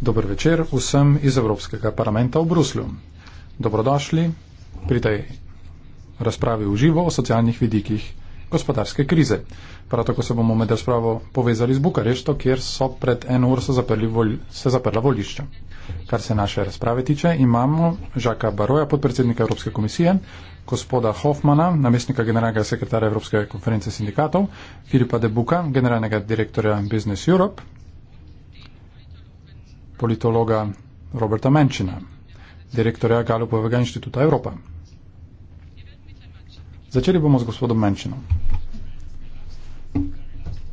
Dober večer vsem iz Evropskega parlamenta v Bruslju. Dobrodošli pri tej razpravi v živo o socialnih vidikih gospodarske krize. Prav tako se bomo med razpravo povezali z Bukarešto, kjer so pred eno uro se, zaprli, se zaprla volišča. Kar se naše razprave tiče, imamo Žaka Baroja, podpredsednika Evropske komisije, gospoda Hoffmana, namestnika generalnega sekretarja Evropske konference sindikatov, Filipa Debuka, generalnega direktorja Business Europe, politologa Roberta Menčina, direktorja Galupovega inštituta Evropa. Začeli bomo z gospodom Menšinom.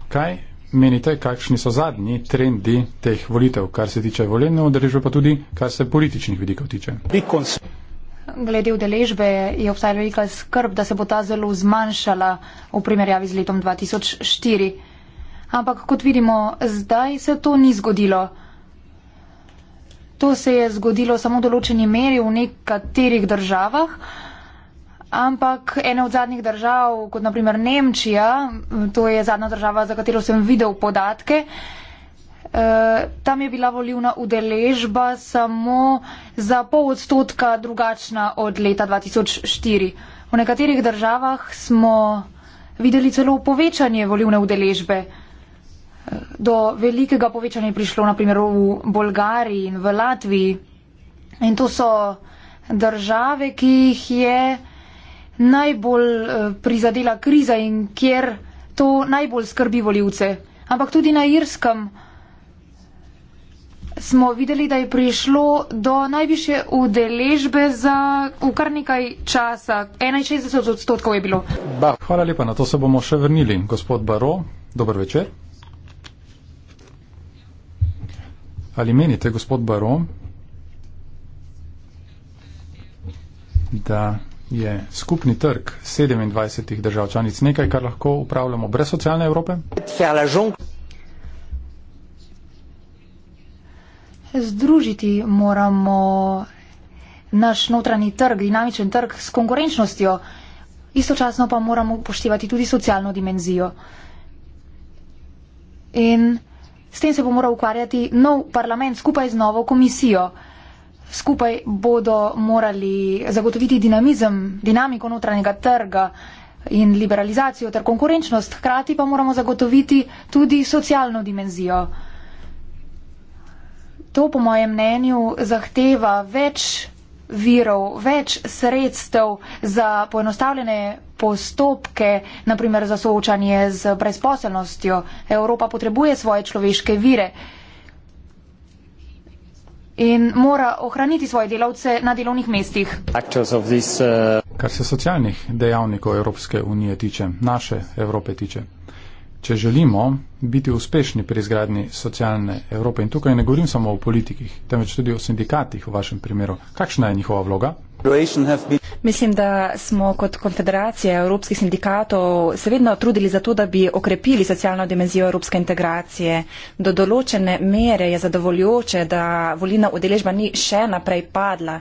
Kaj menite, kakšni so zadnji trendi teh volitev, kar se tiče volilne udeležbe, pa tudi kar se političnih vidikov tiče? Glede udeležbe je obstajala velika skrb, da se bo ta zelo zmanjšala v primerjavi z letom 2004. Ampak kot vidimo, zdaj se to ni zgodilo. To se je zgodilo samo v določeni meri v nekaterih državah, Ampak ena od zadnjih držav, kot naprimer Nemčija, to je zadnja država, za katero sem videl podatke, eh, tam je bila volivna udeležba samo za pol odstotka drugačna od leta 2004. V nekaterih državah smo videli celo povečanje volivne udeležbe. Eh, do velikega povečanja je prišlo naprimer v Bolgariji in v Latviji. In to so države, ki jih je najbolj eh, prizadela kriza in kjer to najbolj skrbi voljivce. Ampak tudi na Irskem smo videli, da je prišlo do najviše udeležbe za v kar nekaj časa. 61 odstotkov je bilo. Ba. Hvala lepa, na to se bomo še vrnili. Gospod Baro, dober večer. Ali menite, gospod Baro, da je skupni trg 27 držav članic nekaj, kar lahko upravljamo brez socialne Evrope? Združiti moramo naš notranji trg, dinamičen trg s konkurenčnostjo, istočasno pa moramo upoštevati tudi socialno dimenzijo. In s tem se bo moral ukvarjati nov parlament skupaj z novo komisijo. Skupaj bodo morali zagotoviti dinamizem, dinamiko notranjega trga in liberalizacijo ter konkurenčnost, hkrati pa moramo zagotoviti tudi socialno dimenzijo. To, po mojem mnenju, zahteva več virov, več sredstev za poenostavljene postopke, naprimer za soočanje z brezposelnostjo. Evropa potrebuje svoje človeške vire in mora ohraniti svoje delavce na delovnih mestih. Uh, Kar se socialnih dejavnikov Evropske unije tiče, naše Evrope tiče, Če želimo biti uspešni pri izgradnji socialne Evrope, in tukaj ne govorim samo o politikih, temveč tudi o sindikatih v vašem primeru, kakšna je njihova vloga? Mislim, da smo kot Konfederacija evropskih sindikatov se vedno trudili za to, da bi okrepili socialno dimenzijo evropske integracije. Do določene mere je zadovoljoče, da volina udeležba ni še naprej padla.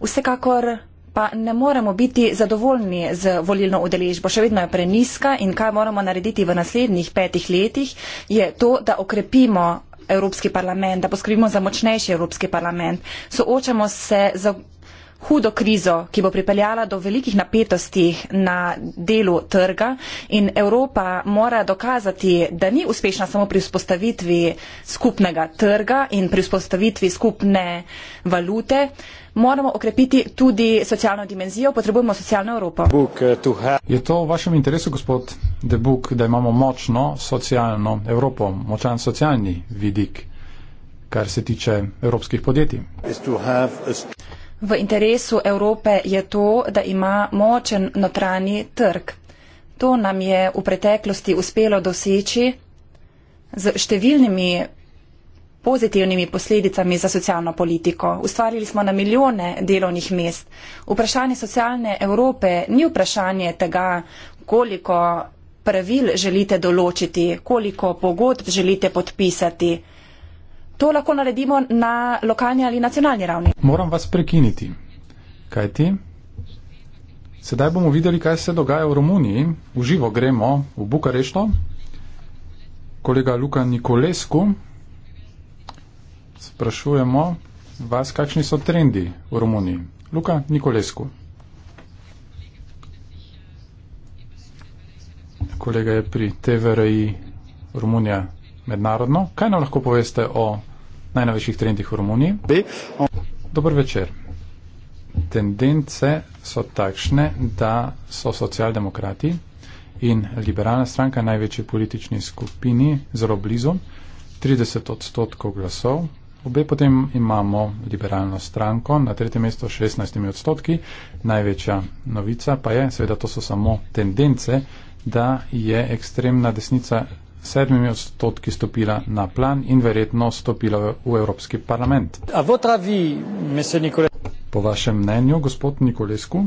Vsekakor pa ne moremo biti zadovoljni z volilno udeležbo. Še vedno je preniska in kaj moramo narediti v naslednjih petih letih, je to, da okrepimo Evropski parlament, da poskrbimo za močnejši Evropski parlament. Soočamo se za hudo krizo, ki bo pripeljala do velikih napetosti na delu trga in Evropa mora dokazati, da ni uspešna samo pri vzpostavitvi skupnega trga in pri vzpostavitvi skupne valute. Moramo okrepiti tudi socialno dimenzijo, potrebujemo socialno Evropo. Eh, Je to v vašem interesu, gospod Debuk, da imamo močno socialno Evropo, močan socialni vidik, kar se tiče evropskih podjetij? V interesu Evrope je to, da ima močen notranji trg. To nam je v preteklosti uspelo doseči z številnimi pozitivnimi posledicami za socialno politiko. Ustvarili smo na milijone delovnih mest. Vprašanje socialne Evrope ni vprašanje tega, koliko pravil želite določiti, koliko pogodb želite podpisati. To lahko naredimo na lokalni ali nacionalni ravni. Moram vas prekiniti. Kaj ti? Sedaj bomo videli, kaj se dogaja v Romuniji. V živo gremo v Bukarešto. Kolega Luka Nikolesku sprašujemo vas, kakšni so trendi v Romuniji. Luka Nikolesku. Kolega je pri TVRI Romunija mednarodno. Kaj nam lahko poveste o najnovejših trendih v Romuniji? Dobro večer. Tendence so takšne, da so socialdemokrati in liberalna stranka največji politični skupini zelo blizu, 30 odstotkov glasov. Obe potem imamo liberalno stranko, na tretjem mestu 16 odstotki. Največja novica pa je, seveda to so samo tendence, da je ekstremna desnica sedmimi odstotki stopila na plan in verjetno stopila v Evropski parlament. Po vašem mnenju, gospod Nikolesku,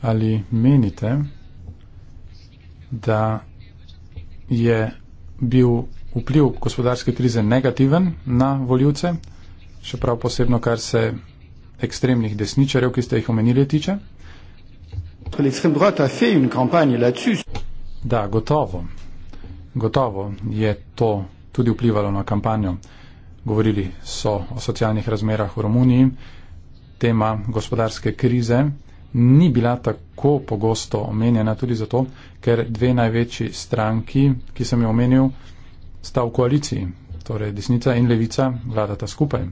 ali menite, da je bil vpliv gospodarske krize negativen na voljivce, še prav posebno, kar se ekstremnih desničarjev, ki ste jih omenili, tiče? Da, gotovo. Gotovo je to tudi vplivalo na kampanjo. Govorili so o socialnih razmerah v Romuniji. Tema gospodarske krize ni bila tako pogosto omenjena tudi zato, ker dve največji stranki, ki sem jo omenil, sta v koaliciji, torej desnica in levica, vladata skupaj.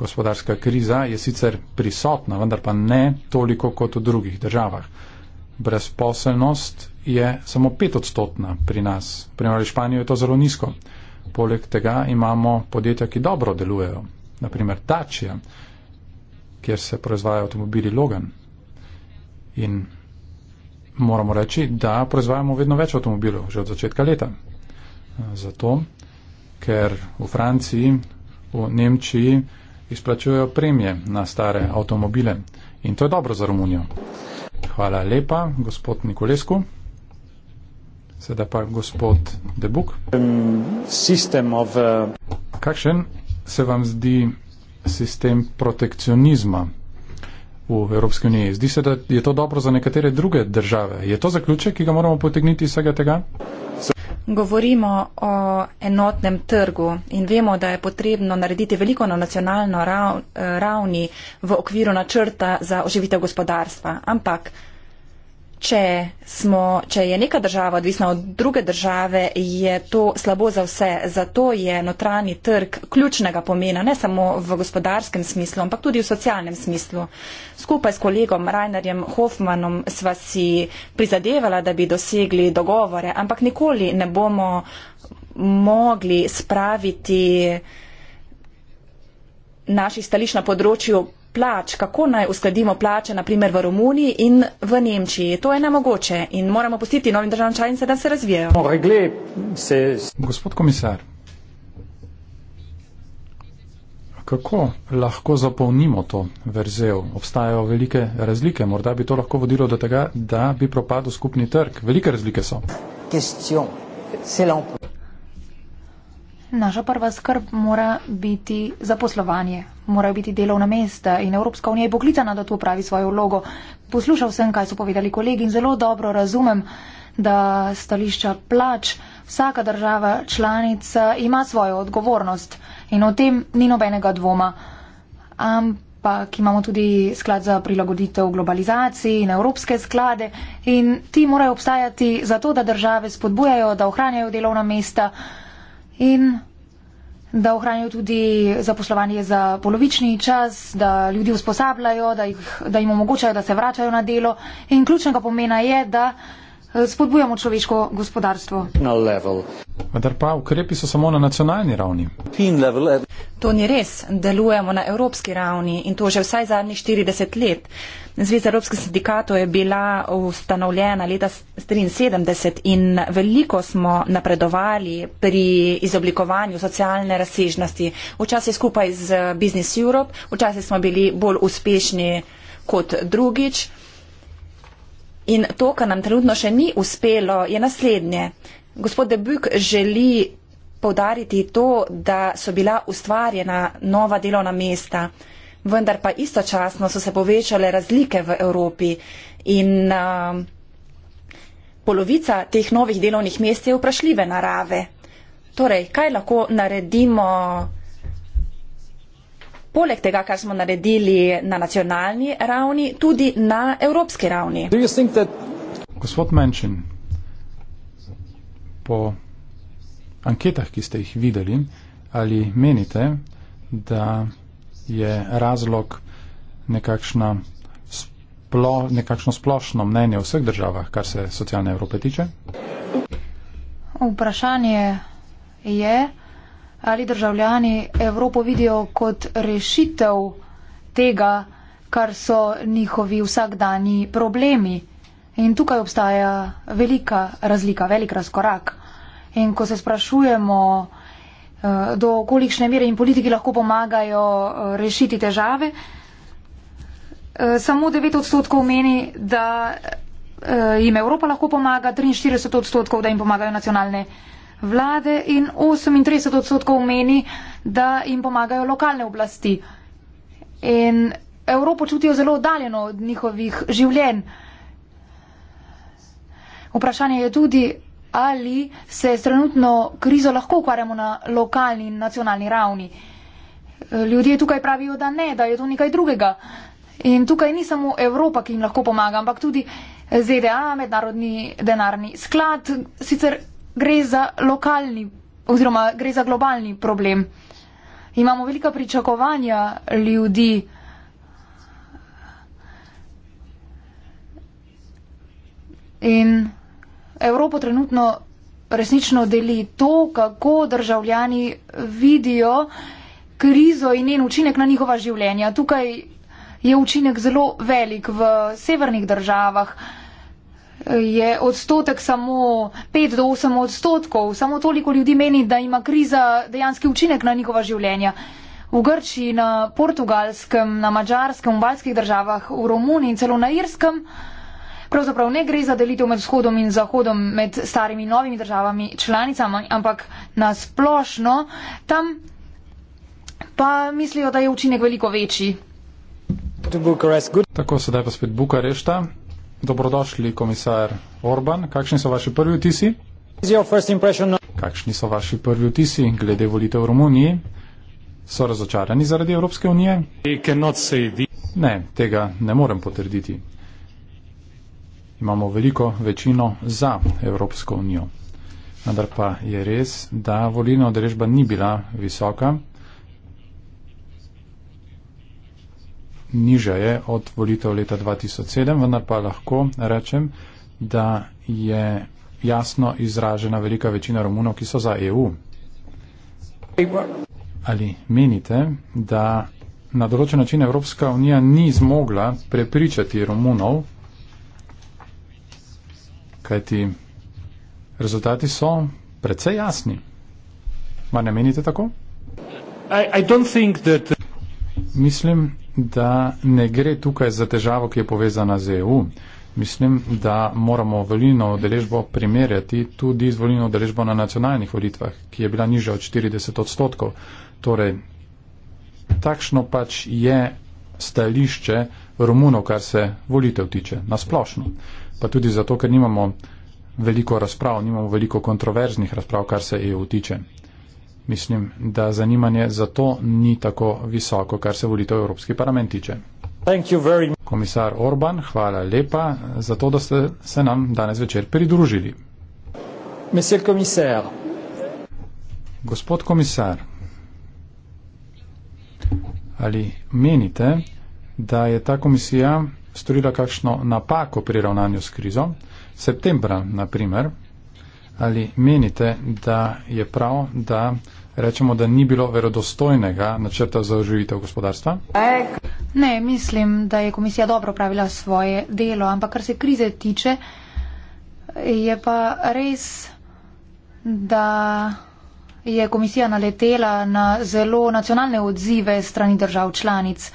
Gospodarska kriza je sicer prisotna, vendar pa ne toliko kot v drugih državah. Brezposelnost je samo petodstotna pri nas. Primer v Španiji je to zelo nizko. Poleg tega imamo podjetja, ki dobro delujejo. Naprimer Tačija, kjer se proizvajajo avtomobili Logan. In moramo reči, da proizvajamo vedno več avtomobilov, že od začetka leta. Zato, ker v Franciji, v Nemčiji izplačujejo premije na stare avtomobile. In to je dobro za Romunijo. Hvala lepa, gospod Nikolesku. Sedaj pa gospod Debuk. Um, of, uh... Kakšen se vam zdi sistem protekcionizma v Evropski uniji? Zdi se, da je to dobro za nekatere druge države. Je to zaključek, ki ga moramo potegniti iz vsega tega? Govorimo o enotnem trgu in vemo, da je potrebno narediti veliko na nacionalno eh, ravni v okviru načrta za oživitev gospodarstva. Ampak če, smo, če je neka država odvisna od druge države, je to slabo za vse. Zato je notranji trg ključnega pomena, ne samo v gospodarskem smislu, ampak tudi v socialnem smislu. Skupaj s kolegom Rainerjem Hoffmanom sva si prizadevala, da bi dosegli dogovore, ampak nikoli ne bomo mogli spraviti naših stališč na področju plač, kako naj uskladimo plače, naprimer v Romuniji in v Nemčiji. To je nemogoče in moramo pustiti novim državam članice, da se razvijajo. Gospod komisar, kako lahko zapolnimo to verzel? Obstajajo velike razlike, morda bi to lahko vodilo do tega, da bi propadl skupni trg. Velike razlike so. Question. Naša prva skrb mora biti zaposlovanje, morajo biti delovna mesta in Evropska unija je poklicana, da tu pravi svojo vlogo. Poslušal sem, kaj so povedali kolegi in zelo dobro razumem, da stališča plač, vsaka država članica ima svojo odgovornost in o tem ni nobenega dvoma. Ampak imamo tudi sklad za prilagoditev globalizaciji in evropske sklade in ti morajo obstajati zato, da države spodbujajo, da ohranjajo delovna mesta in da ohranijo tudi zaposlovanje za polovični čas, da ljudi usposabljajo, da, jih, da jim omogočajo, da se vračajo na delo. In ključnega pomena je, da spodbujamo človeško gospodarstvo. Vendar pa ukrepi so samo na nacionalni ravni. E- to ni res. Delujemo na evropski ravni in to že vsaj zadnjih 40 let. Zveza Evropskih sindikatov je bila ustanovljena leta 1973 in veliko smo napredovali pri izoblikovanju socialne razsežnosti. Včasih skupaj z Business Europe, včasih smo bili bolj uspešni kot drugič. In to, kar nam trenutno še ni uspelo, je naslednje. Gospod Debuk želi povdariti to, da so bila ustvarjena nova delovna mesta, vendar pa istočasno so se povečale razlike v Evropi in uh, polovica teh novih delovnih mest je vprašljive narave. Torej, kaj lahko naredimo poleg tega, kar smo naredili na nacionalni ravni, tudi na evropski ravni. Gospod Menšin, po anketah, ki ste jih videli, ali menite, da je razlog nekakšna splo, nekakšno splošno mnenje v vseh državah, kar se socialne Evrope tiče? Vprašanje je, ali državljani Evropo vidijo kot rešitev tega, kar so njihovi vsakdani problemi. In tukaj obstaja velika razlika, velik razkorak. In ko se sprašujemo, eh, do kolikšne mere in politiki lahko pomagajo eh, rešiti težave, eh, samo 9 odstotkov meni, da jim Evropa lahko pomaga, 43 odstotkov, da jim pomagajo nacionalne države vlade in 38 odstotkov meni, da jim pomagajo lokalne oblasti. In Evropo čutijo zelo oddaljeno od njihovih življenj. Vprašanje je tudi, ali se s trenutno krizo lahko ukvarjamo na lokalni in nacionalni ravni. Ljudje tukaj pravijo, da ne, da je to nekaj drugega. In tukaj ni samo Evropa, ki jim lahko pomaga, ampak tudi ZDA, mednarodni denarni sklad, sicer gre za lokalni oziroma gre za globalni problem. Imamo velika pričakovanja ljudi. In Evropo trenutno resnično deli to, kako državljani vidijo krizo in njen učinek na njihova življenja. Tukaj je učinek zelo velik v severnih državah je odstotek samo 5 do 8 odstotkov. Samo toliko ljudi meni, da ima kriza dejanski učinek na njihova življenja. V Grčiji, na portugalskem, na mačarskem, v balskih državah, v Romuniji in celo na irskem. Pravzaprav ne gre za delitev med vzhodom in zahodom, med starimi in novimi državami članicami, ampak na splošno tam pa mislijo, da je učinek veliko večji. Tako sedaj pa spet Bukarešta. Dobrodošli, komisar Orban. Kakšni so vaši prvi vtisi? Kakšni so vaši prvi vtisi glede volitev v Romuniji? So razočarani zaradi Evropske unije? Ne, tega ne morem potrditi. Imamo veliko večino za Evropsko unijo. Vendar pa je res, da volilna odrežba ni bila visoka. niža je od volitev leta 2007, vendar pa lahko rečem, da je jasno izražena velika večina Romunov, ki so za EU. Ali menite, da na določen način Evropska unija ni zmogla prepričati Romunov, kajti rezultati so predvsej jasni. Ma ne menite tako? I, I that... Mislim, da ne gre tukaj za težavo, ki je povezana z EU. Mislim, da moramo volilno odeležbo primerjati tudi z volilno odeležbo na nacionalnih volitvah, ki je bila nižja od 40 odstotkov. Torej, takšno pač je stališče Romunov, kar se volitev tiče, nasplošno. Pa tudi zato, ker nimamo veliko razprav, nimamo veliko kontroverznih razprav, kar se EU tiče mislim, da zanimanje za to ni tako visoko, kar se volitev v Evropski parlament tiče. Komisar Orban, hvala lepa za to, da ste se nam danes večer pridružili. Komisar. Gospod komisar, ali menite, da je ta komisija storila kakšno napako pri ravnanju s krizo? Septembra, naprimer, ali menite, da je prav, da rečemo, da ni bilo verodostojnega načrta za oživitev gospodarstva? Ne, mislim, da je komisija dobro pravila svoje delo, ampak kar se krize tiče, je pa res, da je komisija naletela na zelo nacionalne odzive strani držav članic.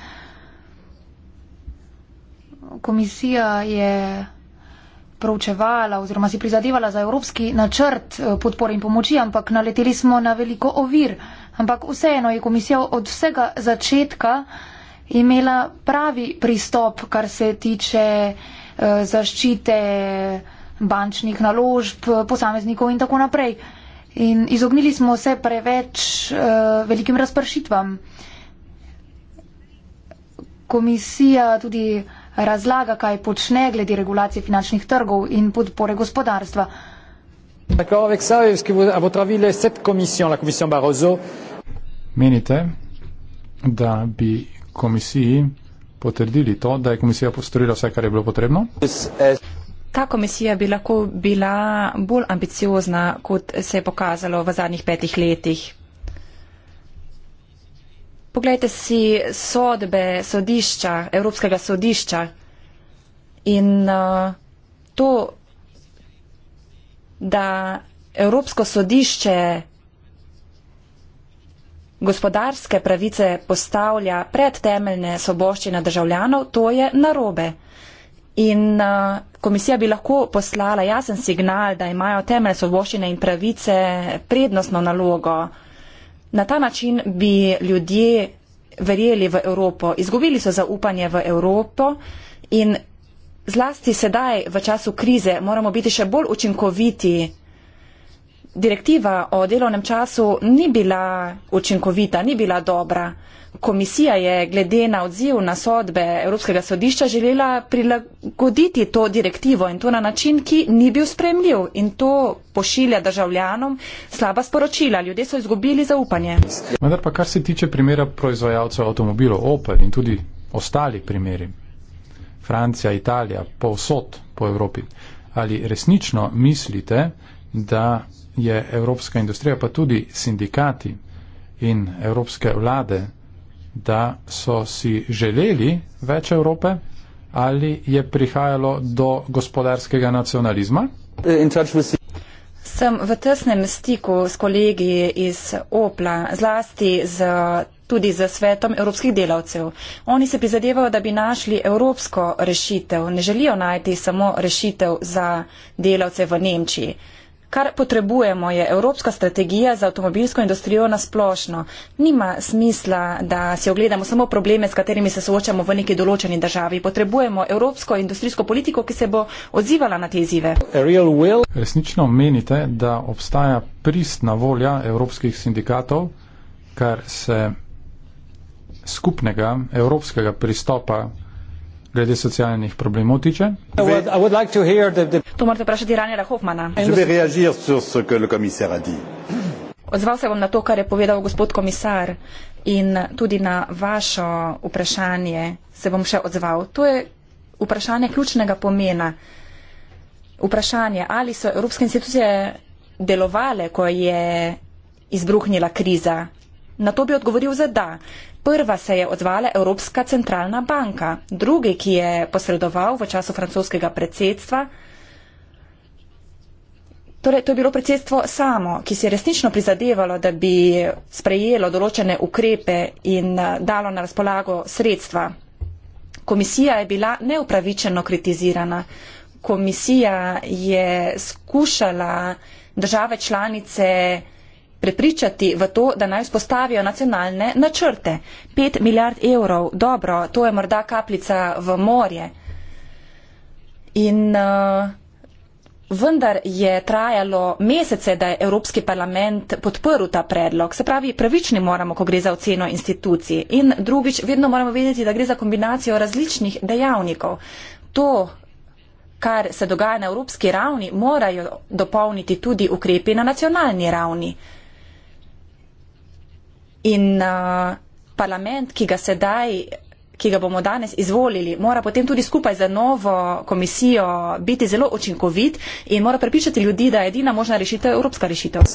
Komisija je proučevala oziroma si prizadevala za evropski načrt eh, podpore in pomoči, ampak naleteli smo na veliko ovir. Ampak vseeno je komisija od vsega začetka imela pravi pristop, kar se tiče eh, zaščite bančnih naložb, posameznikov in tako naprej. In izognili smo se preveč eh, velikim razpršitvam. Komisija tudi razlaga, kaj počne glede regulacije finančnih trgov in podpore gospodarstva. Menite, da bi komisiji potrdili to, da je komisija postorila vse, kar je bilo potrebno? Ta komisija bi lahko bila bolj ambiciozna, kot se je pokazalo v zadnjih petih letih. Poglejte si sodbe sodišča, Evropskega sodišča in uh, to, da Evropsko sodišče gospodarske pravice postavlja pred temeljne soboščine državljanov, to je narobe. In uh, komisija bi lahko poslala jasen signal, da imajo temeljne soboščine in pravice prednostno nalogo. Na ta način bi ljudje verjeli v Evropo. Izgubili so zaupanje v Evropo in zlasti sedaj, v času krize, moramo biti še bolj učinkoviti direktiva o delovnem času ni bila učinkovita, ni bila dobra. Komisija je glede na odziv na sodbe Evropskega sodišča želela prilagoditi to direktivo in to na način, ki ni bil spremljiv in to pošilja državljanom slaba sporočila. Ljudje so izgubili zaupanje. Vendar pa kar se tiče primera proizvajalcev avtomobilov Opel in tudi ostali primeri, Francija, Italija, povsod po Evropi, ali resnično mislite, da je evropska industrija, pa tudi sindikati in evropske vlade, da so si želeli več Evrope ali je prihajalo do gospodarskega nacionalizma? Sem v tesnem stiku s kolegi iz Opla, zlasti z, tudi z svetom evropskih delavcev. Oni se prizadevajo, da bi našli evropsko rešitev. Ne želijo najti samo rešitev za delavce v Nemčiji. Kar potrebujemo je evropska strategija za avtomobilsko industrijo na splošno. Nima smisla, da si ogledamo samo probleme, s katerimi se soočamo v neki določeni državi. Potrebujemo evropsko industrijsko politiko, ki se bo odzivala na te izzive. Resnično menite, da obstaja pristna volja evropskih sindikatov, kar se skupnega evropskega pristopa glede socialnih problemov tiče. To morate vprašati Ranjera Hofmana. Odzval se bom na to, kar je povedal gospod komisar in tudi na vašo vprašanje se bom še odzval. To je vprašanje ključnega pomena. Vprašanje, ali so evropske institucije delovale, ko je izbruhnila kriza. Na to bi odgovoril za da. Prva se je odzvala Evropska centralna banka, drugi, ki je posredoval v času francoskega predsedstva. Torej, to je bilo predsedstvo samo, ki si je resnično prizadevalo, da bi sprejelo določene ukrepe in eh, dalo na razpolago sredstva. Komisija je bila neupravičeno kritizirana. Komisija je skušala države članice prepričati v to, da naj vzpostavijo nacionalne načrte. 5 milijard evrov, dobro, to je morda kapljica v morje. In uh, vendar je trajalo mesece, da je Evropski parlament podprl ta predlog. Se pravi, pravični moramo, ko gre za oceno institucij. In drugič, vedno moramo vedeti, da gre za kombinacijo različnih dejavnikov. To, kar se dogaja na evropski ravni, morajo dopolniti tudi ukrepi na nacionalni ravni. In uh, parlament, ki ga sedaj, ki ga bomo danes izvolili, mora potem tudi skupaj za novo komisijo biti zelo očinkovit in mora prepričati ljudi, da je edina možna rešitev evropska rešitev.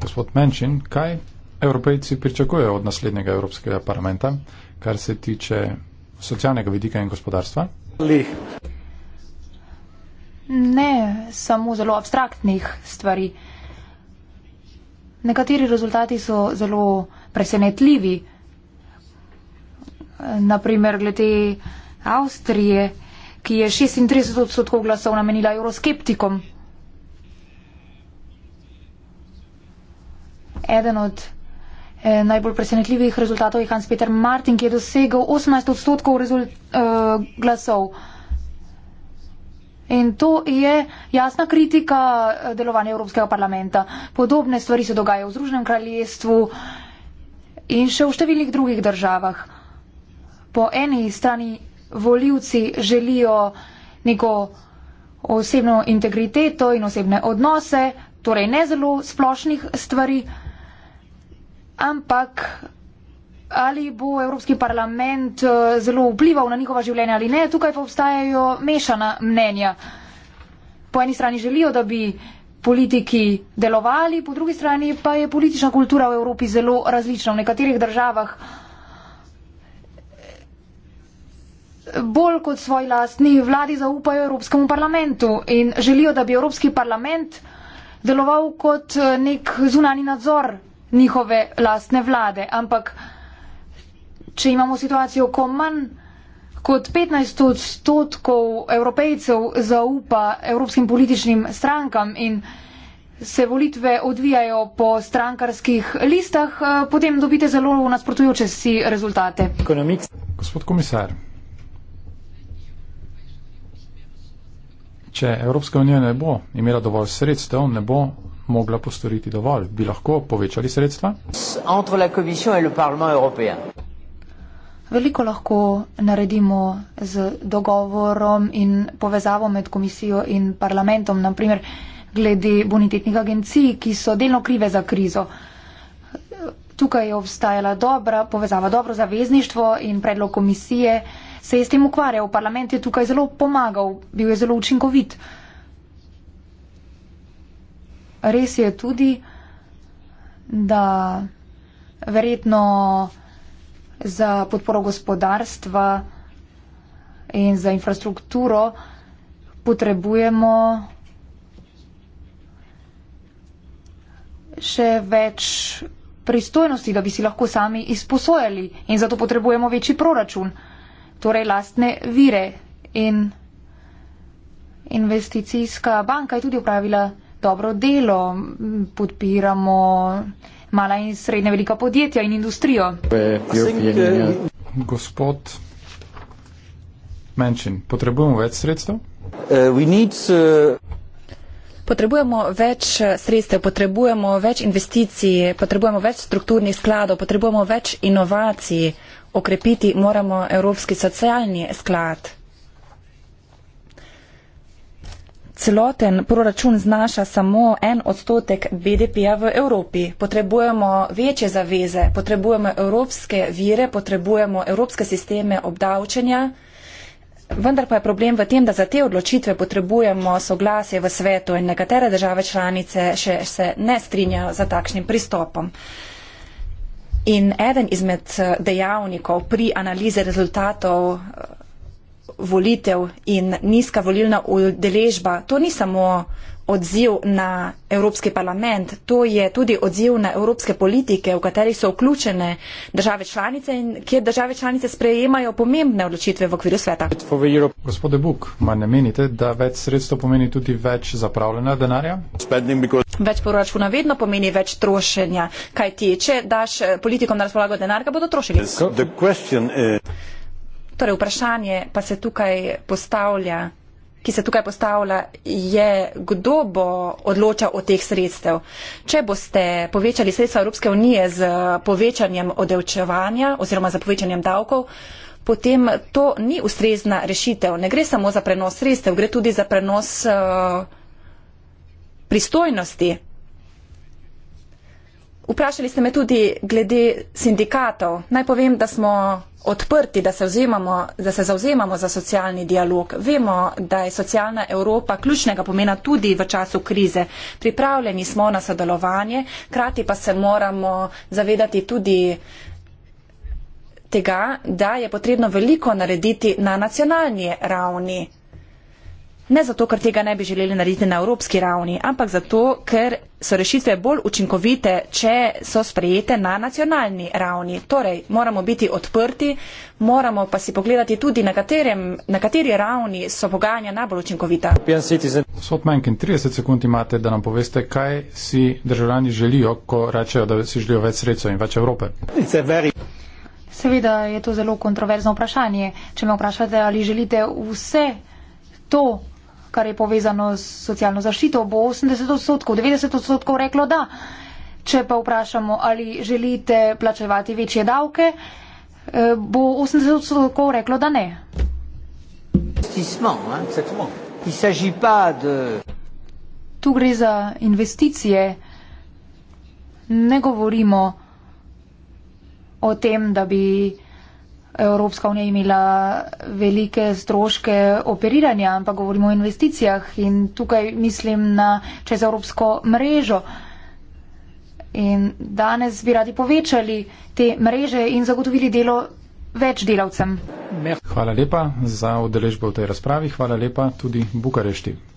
Gospod Menšin, kaj evropejci pričakujejo od naslednjega evropskega parlamenta, kar se tiče socialnega vidika in gospodarstva? Ne samo zelo abstraktnih stvari. Nekateri rezultati so zelo presenetljivi. Naprimer, glede Avstrije, ki je 36 odstotkov glasov namenila euroskeptikom. Eden od eh, najbolj presenetljivih rezultatov je Hans-Peter Martin, ki je dosegel 18 odstotkov rezult, eh, glasov. In to je jasna kritika eh, delovanja Evropskega parlamenta. Podobne stvari se dogajajo v Združenem kraljestvu. Eh, in še v številnih drugih državah. Po eni strani voljivci želijo neko osebno integriteto in osebne odnose, torej ne zelo splošnih stvari, ampak ali bo Evropski parlament eh, zelo vplival na njihova življenja ali ne, tukaj pa obstajajo mešana mnenja. Po eni strani želijo, da bi politiki delovali, po drugi strani pa je politična kultura v Evropi zelo različna. V nekaterih državah eh, bolj kot svoj lastni vladi zaupajo Evropskemu parlamentu in želijo, da bi Evropski parlament deloval kot eh, nek zunani nadzor njihove lastne vlade. Ampak, če imamo situacijo, ko manj Kot 15 odstotkov evropejcev zaupa evropskim političnim strankam in se volitve odvijajo po strankarskih listah, eh, potem dobite zelo nasprotujoče si rezultate. Ekonomik. Gospod komisar, če Evropska unija ne bo imela dovolj sredstev, ne bo mogla postoriti dovolj, bi lahko povečali sredstva? Veliko lahko naredimo z dogovorom in povezavo med komisijo in parlamentom, naprimer glede bonitetnih agencij, ki so delno krive za krizo. Tukaj je obstajala dobra povezava, dobro zavezništvo in predlog komisije se je s tem ukvarjal. Parlament je tukaj zelo pomagal, bil je zelo učinkovit. Res je tudi, da verjetno za podporo gospodarstva in za infrastrukturo potrebujemo še več pristojnosti, da bi si lahko sami izposojali in zato potrebujemo večji proračun, torej lastne vire in investicijska banka je tudi upravila dobro delo, podpiramo mala in srednja velika podjetja in industrijo. Uh, Gospod Menšin, potrebujemo več sredstev? Uh, uh, potrebujemo več sredstev, potrebujemo več investicij, potrebujemo več strukturnih skladov, potrebujemo več inovacij. Okrepiti moramo Evropski socialni sklad. celoten proračun znaša samo en odstotek BDP-ja v Evropi. Potrebujemo večje zaveze, potrebujemo evropske vire, potrebujemo evropske sisteme obdavčenja. Vendar pa je problem v tem, da za te odločitve potrebujemo soglasje v svetu in nekatere države članice še se ne strinjajo za takšnim pristopom. In eden izmed eh, dejavnikov pri analize rezultatov volitev in nizka volilna udeležba, to ni samo odziv na Evropski parlament, to je tudi odziv na evropske politike, v katerih so vključene države članice in kjer države članice sprejemajo pomembne odločitve v okviru sveta. Gospode Buk, ma ne menite, da več sredstev pomeni tudi več zapravljena denarja? Because... Več proračuna vedno pomeni več trošenja, kaj ti, če daš politikom na razpolago denar, ga bodo trošili. Is... Torej, vprašanje pa se tukaj postavlja, ki se tukaj postavlja, je, kdo bo odločal o teh sredstev. Če boste povečali sredstva Evropske unije z povečanjem odevčevanja oziroma z povečanjem davkov, potem to ni ustrezna rešitev. Ne gre samo za prenos sredstev, gre tudi za prenos uh, pristojnosti. Vprašali ste me tudi glede sindikatov. Naj povem, da smo odprti, da se, vzemamo, da se zauzemamo za socialni dialog. Vemo, da je socialna Evropa ključnega pomena tudi v času krize. Pripravljeni smo na sodelovanje, krati pa se moramo zavedati tudi tega, da je potrebno veliko narediti na nacionalni ravni. Ne zato, ker tega ne bi želeli narediti na evropski ravni, ampak zato, ker so rešitve bolj učinkovite, če so sprejete na nacionalni ravni. Torej, moramo biti odprti, moramo pa si pogledati tudi, na, katerem, na kateri ravni so pogajanja najbolj učinkovita. Sod manj kot 30 sekund imate, da nam poveste, kaj si državljani želijo, ko rečejo, da si želijo več sredstev in več Evrope. Seveda je to zelo kontroverzno vprašanje. Če me vprašate, ali želite vse to, kar je povezano s socialno zaščito, bo 80 odstotkov, 90 odstotkov reklo da. Če pa vprašamo, ali želite plačevati večje davke, eh, bo 80 odstotkov reklo da ne. Tu gre za investicije. Ne govorimo o tem, da bi Evropska unija imela velike stroške operiranja, ampak govorimo o investicijah in tukaj mislim na čez Evropsko mrežo. In danes bi radi povečali te mreže in zagotovili delo več delavcem. Hvala lepa za udeležbo v tej razpravi, hvala lepa tudi Bukarešti.